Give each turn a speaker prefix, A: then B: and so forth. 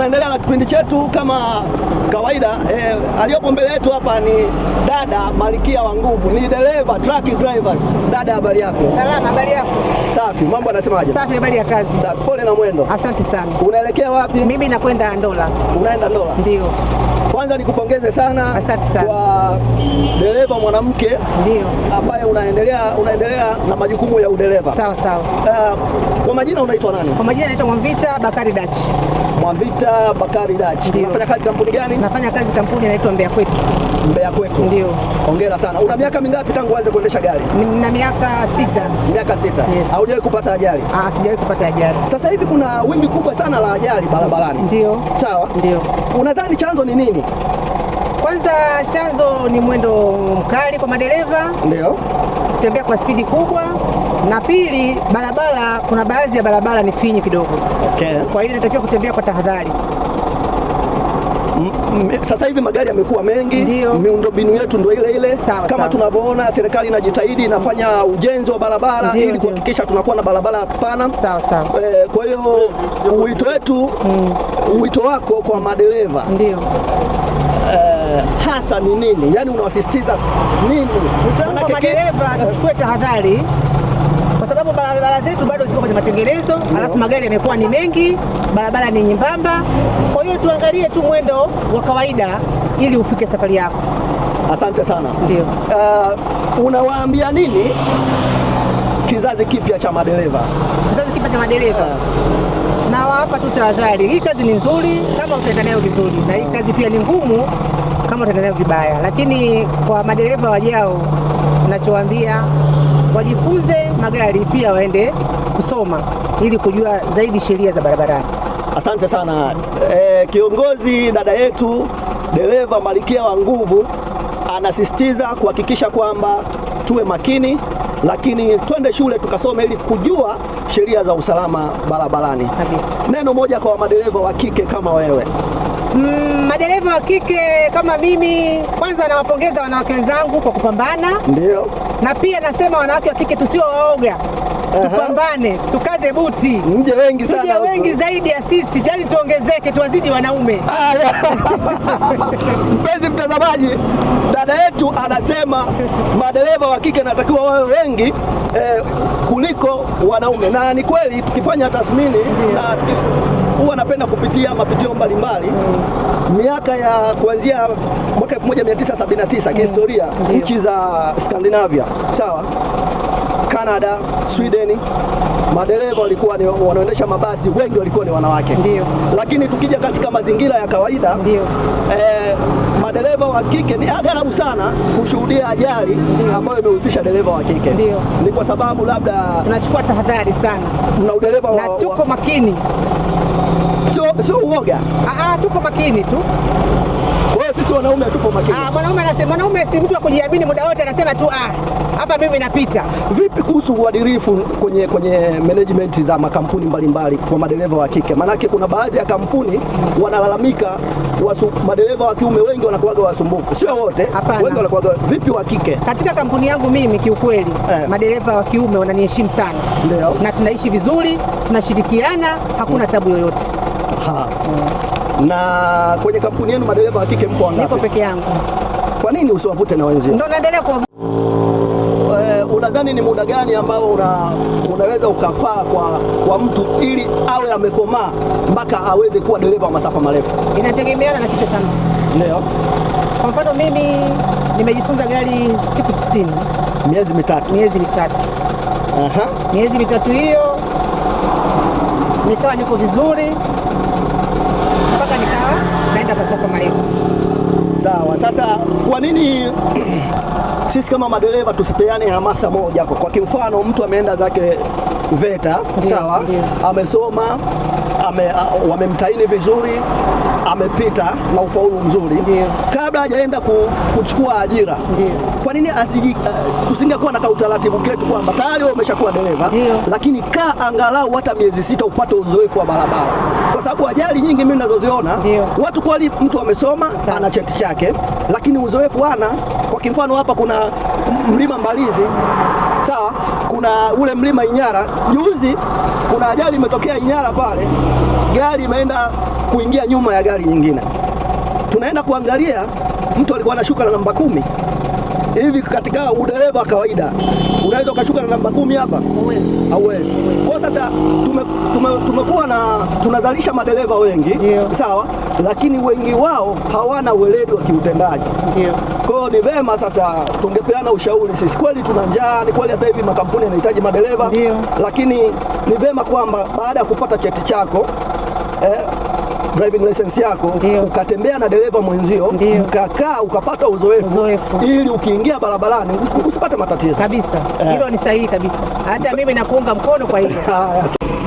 A: tunaendelea na kipindi chetu kama kawaida. eh, aliyopo mbele yetu hapa ni dada malikia wa Nguvu, ni dereva truck drivers. Dada, habari yako?
B: Salama, habari yako?
A: Safi. Mambo anasemaje?
B: Safi, habari ya kazi?
A: Safi. Pole na mwendo. Asante sana. Unaelekea wapi?
B: Mimi nakwenda Ndola. Unaenda Ndola? Ndio
A: kwanza nikupongeze sana kwa dereva mwanamke ndio ambaye unaendelea unaendelea na majukumu ya udereva. Sawa sawa. Uh, kwa majina unaitwa nani?
B: Kwa majina naitwa Mwavita Bakari Dachi.
A: mwavita Bakari Dachi. Unafanya kazi kampuni gani?
B: Nafanya kazi kampuni inaitwa Mbeya Kwetu. Mbeya Kwetu. Ndio.
A: Hongera sana. Una miaka mingapi tangu uanze kuendesha gari?
B: Nina miaka sita.
A: Miaka sita. Yes. Haujawahi kupata ajali?
B: Ah, sijawahi kupata ajali.
A: Sasa hivi kuna wimbi kubwa sana la ajali barabarani. Ndio. Sawa. Ndio. Unadhani chanzo ni nini?
B: Kwanza chanzo ni mwendo mkali kwa madereva, ndio kutembea kwa spidi kubwa, na pili barabara, kuna baadhi ya barabara ni finyi kidogo, okay. Kwa hiyo inatakiwa kutembea kwa tahadhari.
A: Sasa hivi magari yamekuwa mengi, miundombinu yetu ndio ile ile sawa, kama tunavyoona serikali inajitahidi inafanya ujenzi wa barabara ili kuhakikisha tunakuwa na barabara pana sawa sawa. E, kwa hiyo wito wetu mm, wito wako kwa madereva ndio hasa ni nini? Yaani unawasisitiza nini?
B: madereva tuchukue tahadhari kwa sababu barabara zetu bado ziko kwenye matengenezo, alafu magari yamekuwa ni mengi, barabara ni nyembamba. Kwa hiyo tuangalie tu mwendo wa kawaida ili ufike safari yako. Asante sana. Ndio.
A: Uh, unawaambia nini kizazi kipya cha madereva?
B: Kizazi kipya cha madereva uh na hapa tu tahadhari. Hii kazi ni nzuri kama utaenda nayo vizuri, na hii kazi pia ni ngumu kama utaenda nayo vibaya. Lakini kwa madereva wajao, nachowaambia wajifunze magari pia, waende kusoma ili kujua zaidi sheria za barabarani.
A: Asante sana e, kiongozi dada yetu dereva malikia wa Nguvu anasisitiza kuhakikisha kwamba tuwe makini lakini twende shule tukasome ili kujua sheria za usalama barabarani. Neno moja kwa madereva wa kike kama wewe.
B: Mm, madereva wa kike kama mimi, kwanza nawapongeza wanawake wenzangu kwa kupambana. Ndio. Na pia nasema wanawake wa kike tusio waoga tupambane, tukaze buti,
A: mje wengi sana,
B: mje wengi zaidi ya sisi, yaani tuongezeke, tuwazidi wanaume.
A: Mpenzi mtazamaji, dada yetu anasema madereva wa kike natakiwa wawe wengi eh, kuliko wanaume, na ni kweli tukifanya tathmini na huwa napenda kupitia mapitio mbalimbali mm. miaka ya kuanzia mwaka 1979 mm. kihistoria mm. nchi za Skandinavia sawa Canada, Sweden madereva walikuwa wanaoendesha mabasi wengi walikuwa ni wanawake. Ndiyo. Lakini tukija katika mazingira ya kawaida eh, madereva wa kike ni aghalabu sana kushuhudia ajali ambayo imehusisha dereva wa kike. Ndiyo. Ni kwa sababu labda
B: tunachukua tahadhari sana na udereva wa, na tuko makini,
A: sio sio uoga.
B: Aa, ah, ah, tuko makini tu
A: sisi wanaume hatupo makini.
B: Ah, mwanaume anasema, mwanaume si mtu wa kujiamini muda wote, anasema tu ah, hapa mimi napita.
A: Vipi kuhusu uadilifu kwenye kwenye management za makampuni mbalimbali mbali, kwa madereva wa kike? Maanake kuna baadhi ya kampuni wanalalamika wasu, madereva wa kiume wengi wanakuwaga wasumbufu, sio wote, wengi wanakuwaga. Vipi wa kike?
B: Katika kampuni yangu mimi kiukweli, eh, madereva wa kiume wananiheshimu sana, ndio, na tunaishi vizuri, tunashirikiana, hakuna mm. tabu yoyote.
A: Ha. Hmm. Na kwenye kampuni yenu madereva wa kike mko wangapi? Niko peke yangu. Kwa nini usiwavute na wenzio?
B: Ndio naendelea kwa
A: eh, unadhani ni muda gani ambao una, unaweza ukafaa kwa, kwa mtu ili awe amekomaa mpaka aweze kuwa dereva wa masafa marefu?
B: Inategemeana na kichwa cha mtu. Ndio. Kwa mfano mimi nimejifunza gari siku tisini,
A: miezi mitatu,
B: miezi mitatu. Aha. Miezi mitatu hiyo nikawa niko vizuri nikawa naenda soko marefu.
A: Sawa. Sasa kwa nini sisi kama madereva tusipeane hamasa moja? Kwa kimfano, mtu ameenda zake VETA, sawa, amesoma wamemtaini vizuri, amepita na ufaulu mzuri Ndiyo. kabla hajaenda kuchukua ajira Ndiyo. kwa nini asiji, uh, tusingekuwa na kautaratibu ketu kwamba tayari wewe umeshakuwa dereva lakini kaa angalau hata miezi sita upate uzoefu wa barabara, kwa sababu ajali nyingi mimi ninazoziona watu kweli, mtu amesoma ana cheti chake, lakini uzoefu hana. Kwa kimfano hapa kuna mlima Mbalizi sawa, kuna ule mlima Inyara. Juzi kuna ajali imetokea Inyara pale gari imeenda kuingia nyuma ya gari nyingine. Tunaenda kuangalia, mtu alikuwa anashuka na namba kumi hivi katika udereva kawaida unaweza ukashuka na namba kumi hapa? Hauwezi. Kwa sasa tumekuwa tume, tume na tunazalisha madereva wengi
B: Ndiyo. Sawa,
A: lakini wengi wao hawana weledi wa kiutendaji. Kwa hiyo ni vema sasa tungepeana ushauri sisi. Kweli tuna njaa, ni kweli sasa hivi makampuni yanahitaji madereva, lakini ni vema kwamba baada ya kupata cheti chako eh, driving license yako
B: Ndiyo. ukatembea
A: na dereva mwenzio mkakaa ukapata uzoefu, uzoefu, ili ukiingia barabarani usipate matatizo
B: kabisa. Eh. Hilo eh, ni sahihi kabisa, hata mimi nakuunga mkono kwa hilo.